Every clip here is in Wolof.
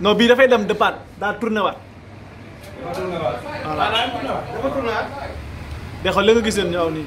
non bii dafay dem départ daa tourné de xool li nga gisoon ñu aw nii.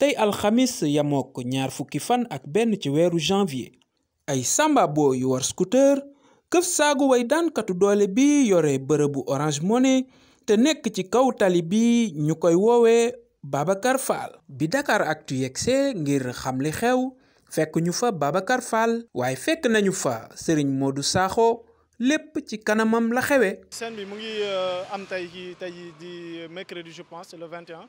tey alxamis yamook ñaar fukki fan ak benn ci weeru janvier ay samba boo yu war scooter këf saagu way daankatu doole bi yore bërëbu Orange Money te nekk ci kaw tali bi ñu koy woowee Babacar Fall bi Dakar ak yegsee ngir xam li xew fekk ñu fa Babacar Fall waaye fekk nañu fa moo du Sakho lépp ci kanamam la xewee. scène bi mu ngi euh, am tey jii tey di euh, mercredi je pense le 21.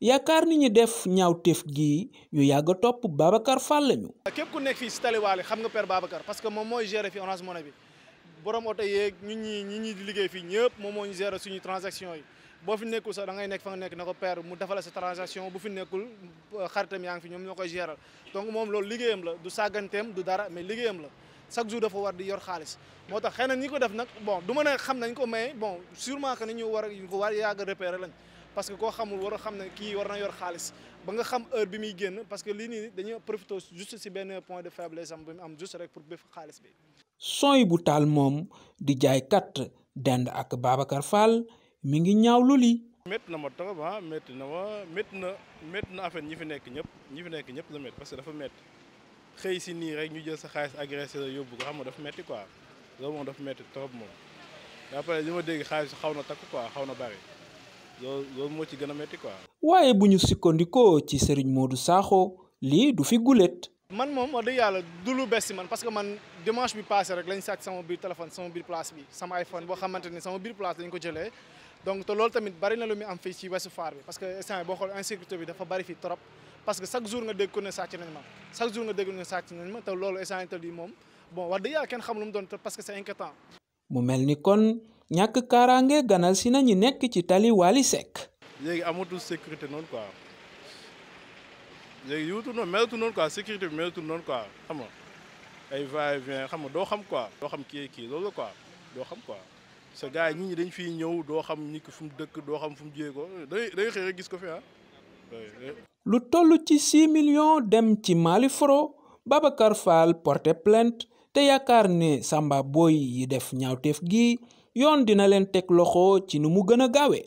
yaakaar ni ñu def ñaaw ñaawteef gi ñu yàgg a topp Babacar Fall lañu. képp ku nekk fii si taliwaale xam nga per Babacar parce que moom mooy gérer fi Orange Money bi borom fii ñëpp moom moo ñu suñu transaction yi boo fi nekkul sax da ngay nekk fa nga nekk na ko per mu defal sa transaction bu fi nekkul euh, xaritam yaa ngi fi ñoom ñoo koy gérer donc moom loolu liggéeyam la du sàgganteem du dara mais liggéeyam la. chaque jour dafa war di yor xaalis moo tax xëy na ñi ko def nag bon du ma ne xam nañ ko mais bon sûrement que ni war ko war yàgg repérer lañ parce que koo xamul war a xam ne kii war na yor xaalis ba nga xam heure bi muy génn parce que lii nii dañuy profité juste si benn point de faiblesse am bi am juste rek pour bépp xaalis bi. sooy bu taal moom di jaaykat dend ak Babacar Fall mi ngi ñaaw lu li métti na ma trop ah métti na ma métti na métti na affaire ñi fi nekk ñëpp ñi fi nekk ñëpp la métti parce que dafa métti xëy si nii rek ñu jël sa xaalis agressé la yóbbu ko xam nga dafa metti quoi loolu moom dafa métti trop moom après li ma dégg xaalis xaw na takk quoi xaw na bari. yoo yoo moo ci gën a métti quoi. waaye bu ñu sukkandikoo ci Serigne Modou Sakho lii du fi gulet. man moom wax dëgg yàlla du lu bees si man parce que man dimanche bi passé rek lañ sàcc sama biir téléphone sama biir place bi sama iPhone boo xamante ni sama biir place lañ ko jëlee donc te loolu tamit bari na lu muy am fii ci wesu faar bi parce que instant boo xool insécurité bi dafa bari fii trop parce que chaque jour nga dégg ko ne sàcc nañ ma chaque jour nga dégg ne sàcc nañ ma te loolu instant yi moom bon wax dëgg yàlla kenn xam lu mu doon parce que c'est inquiétant. mu mel ni kon. ñàkk kaaraange ganal si na ñi nekk ci tali Wally Seck. léegi amatul sécurité noonu quoi léegi yuutu noonu melatul noonu sécurité bi melatul noonu quoi xam ay va et xam nga doo xam quoi. doo xam kii kii loolu la quoi xam quoi parce que gars ñi dañ fiy ñëw doo xam nit ki fu mu dëkk doo xam fu mu jiyee ko day day gis ko fi ah. lu toll ci 6 millions dem ci Mali Foro Babacar Fall porté plainte te yaakaar ne Samba booy yi def ñaawteef gi. yoon dina leen teg loxo ci ni mu gëna gaawe